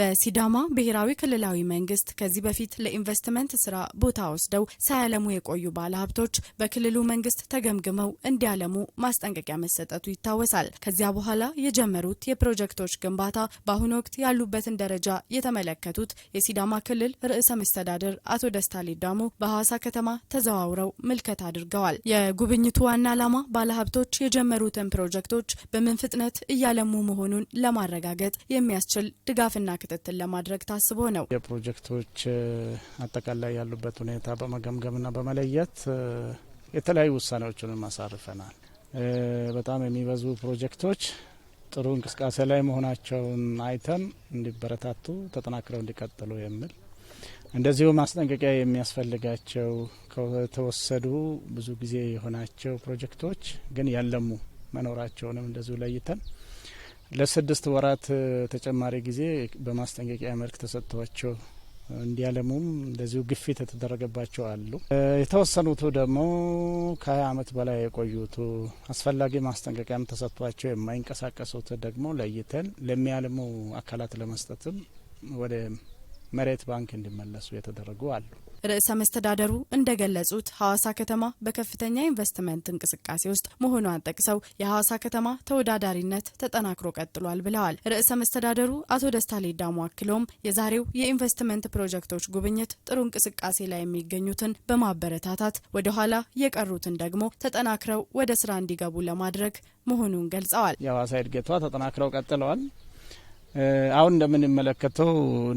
በሲዳማ ብሔራዊ ክልላዊ መንግስት ከዚህ በፊት ለኢንቨስትመንት ስራ ቦታ ወስደው ሳያለሙ የቆዩ ባለሀብቶች በክልሉ መንግስት ተገምግመው እንዲያለሙ ማስጠንቀቂያ መሰጠቱ ይታወሳል። ከዚያ በኋላ የጀመሩት የፕሮጀክቶች ግንባታ በአሁኑ ወቅት ያሉበትን ደረጃ የተመለከቱት የሲዳማ ክልል ርዕሰ መስተዳድር አቶ ደስታ ሌዳሞ በሐዋሳ ከተማ ተዘዋውረው ምልከት አድርገዋል። የጉብኝቱ ዋና ዓላማ ባለሀብቶች የጀመሩትን ፕሮጀክቶች በምን ፍጥነት እያለሙ መሆኑን ለማረጋገጥ የሚያስችል ድጋፍና ክትትል ለማድረግ ታስቦ ነው። የፕሮጀክቶች አጠቃላይ ያሉበት ሁኔታ በመገምገምና በመለየት የተለያዩ ውሳኔዎችንም አሳርፈናል። በጣም የሚበዙ ፕሮጀክቶች ጥሩ እንቅስቃሴ ላይ መሆናቸውን አይተን እንዲበረታቱ ተጠናክረው እንዲቀጥሉ የሚል እንደዚሁ ማስጠንቀቂያ የሚያስፈልጋቸው ከተወሰዱ ብዙ ጊዜ የሆናቸው ፕሮጀክቶች ግን ያለሙ መኖራቸውንም እንደዚሁ ለይተን ለስድስት ወራት ተጨማሪ ጊዜ በማስጠንቀቂያ መልክ ተሰጥቷቸው እንዲያለሙም እንደዚሁ ግፊት የተደረገባቸው አሉ። የተወሰኑቱ ደግሞ ከሀያ አመት በላይ የቆዩቱ አስፈላጊ ማስጠንቀቂያም ተሰጥቷቸው የማይንቀሳቀሱት ደግሞ ለይተን ለሚያለሙ አካላት ለመስጠትም ወደ መሬት ባንክ እንዲመለሱ የተደረጉ አሉ። ርዕሰ መስተዳደሩ እንደገለጹት ሐዋሳ ከተማ በከፍተኛ ኢንቨስትመንት እንቅስቃሴ ውስጥ መሆኗን ጠቅሰው የሐዋሳ ከተማ ተወዳዳሪነት ተጠናክሮ ቀጥሏል ብለዋል። ርዕሰ መስተዳደሩ አቶ ደስታ ሌዳሞ አክለውም የዛሬው የኢንቨስትመንት ፕሮጀክቶች ጉብኝት ጥሩ እንቅስቃሴ ላይ የሚገኙትን በማበረታታት ወደ ኋላ የቀሩትን ደግሞ ተጠናክረው ወደ ስራ እንዲገቡ ለማድረግ መሆኑን ገልጸዋል። የሐዋሳ እድገቷ ተጠናክረው ቀጥለዋል። አሁን እንደምንመለከተው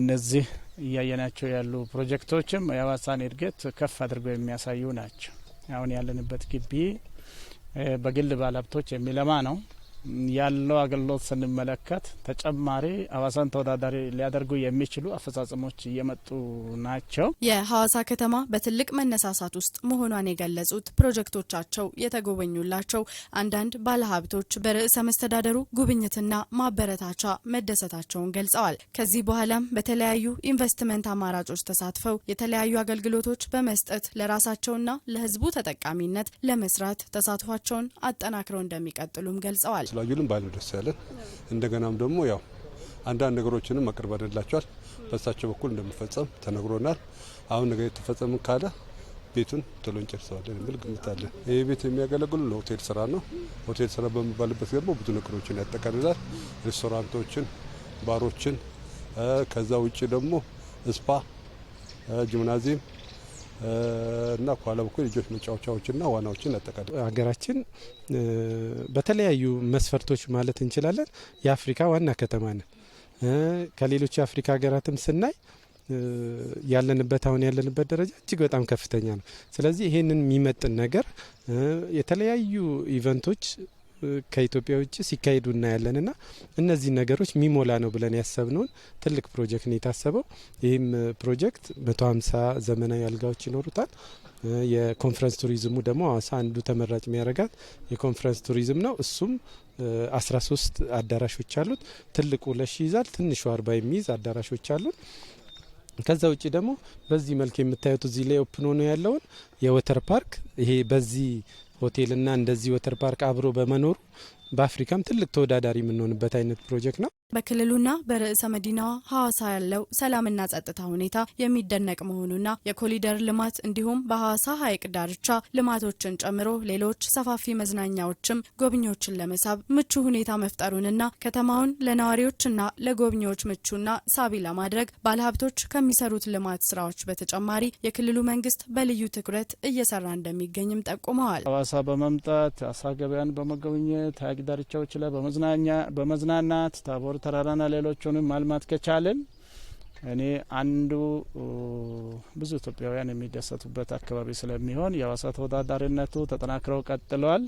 እነዚህ እያየናቸው ያሉ ፕሮጀክቶችም የአዋሳን እድገት ከፍ አድርገው የሚያሳዩ ናቸው። አሁን ያለንበት ግቢ በግል ባለሀብቶች የሚለማ ነው። ያለው አገልግሎት ስንመለከት ተጨማሪ ሀዋሳን ተወዳዳሪ ሊያደርጉ የሚችሉ አፈጻጸሞች እየመጡ ናቸው። የሀዋሳ ከተማ በትልቅ መነሳሳት ውስጥ መሆኗን የገለጹት ፕሮጀክቶቻቸው የተጎበኙላቸው አንዳንድ ባለሀብቶች በርዕሰ መስተዳደሩ ጉብኝትና ማበረታቻ መደሰታቸውን ገልጸዋል። ከዚህ በኋላም በተለያዩ ኢንቨስትመንት አማራጮች ተሳትፈው የተለያዩ አገልግሎቶች በመስጠት ለራሳቸውና ለሕዝቡ ተጠቃሚነት ለመስራት ተሳትፏቸውን አጠናክረው እንደሚቀጥሉም ገልጸዋል። ስላዩልን ባይሉ ደስ ያለን። እንደገናም ደግሞ ያው አንዳንድ ነገሮችንም አደላቸዋል። በእሳቸው በኩል እንደሚፈጸም ተነግሮናል። አሁን ነገር የተፈጸምን ካለ ቤቱን ቶሎ እንጨርሰዋለን የሚል ግምት ይህ ቤት የሚያገለግሉ ለሆቴል ስራ ነው። ሆቴል ስራ በሚባልበት ደግሞ ብዙ ነገሮችን ያጠቃልላል። ሬስቶራንቶችን፣ ባሮችን፣ ከዛ ውጭ ደግሞ ስፓ፣ ጂምናዚየም እና ከኋላ በኩል ልጆች መጫወቻዎችና ዋናዎችን ያጠቃልላል። ሀገራችን በተለያዩ መስፈርቶች ማለት እንችላለን የአፍሪካ ዋና ከተማ ነን። ከሌሎች የአፍሪካ ሀገራትም ስናይ ያለንበት አሁን ያለንበት ደረጃ እጅግ በጣም ከፍተኛ ነው። ስለዚህ ይሄንን የሚመጥን ነገር የተለያዩ ኢቨንቶች ከኢትዮጵያ ውጭ ሲካሄዱ እናያለን ና እነዚህ ነገሮች ሚሞላ ነው ብለን ያሰብነውን ትልቅ ፕሮጀክት ነው የታሰበው። ይህም ፕሮጀክት መቶ ሀምሳ ዘመናዊ አልጋዎች ይኖሩታል። የኮንፈረንስ ቱሪዝሙ ደግሞ አዋሳ አንዱ ተመራጭ የሚያደርጋት የኮንፈረንስ ቱሪዝም ነው። እሱም አስራ ሶስት አዳራሾች አሉት። ትልቁ ለሺ ይዛል። ትንሹ አርባ የሚይዝ አዳራሾች አሉት። ከዛ ውጭ ደግሞ በዚህ መልክ የምታዩት እዚህ ላይ ኦፕን ነው ያለውን የወተር ፓርክ ይሄ በዚህ ሆቴልና እንደዚህ ወተር ፓርክ አብሮ በመኖሩ በአፍሪካም ትልቅ ተወዳዳሪ የምንሆንበት አይነት ፕሮጀክት ነው። በክልሉና በርዕሰ መዲናዋ ሐዋሳ ያለው ሰላምና ጸጥታ ሁኔታ የሚደነቅ መሆኑና የኮሊደር ልማት እንዲሁም በሐዋሳ ሐይቅ ዳርቻ ልማቶችን ጨምሮ ሌሎች ሰፋፊ መዝናኛዎችም ጎብኚዎችን ለመሳብ ምቹ ሁኔታ መፍጠሩንና ከተማውን ለነዋሪዎችና ለጎብኚዎች ምቹና ሳቢ ለማድረግ ባለሀብቶች ከሚሰሩት ልማት ስራዎች በተጨማሪ የክልሉ መንግስት በልዩ ትኩረት እየሰራ እንደሚገኝም ጠቁመዋል። ሐዋሳ በመምጣት አሳ ገበያን በመጎብኘት ሐይቅ ዳርቻዎች ላይ በመዝናኛ በመዝናናት ታቦር ተራራና ሌሎቹንም ማልማት ከቻልን እኔ አንዱ ብዙ ኢትዮጵያውያን የሚደሰቱበት አካባቢ ስለሚሆን የሀዋሳ ተወዳዳሪነቱ ተጠናክረው ቀጥለዋል።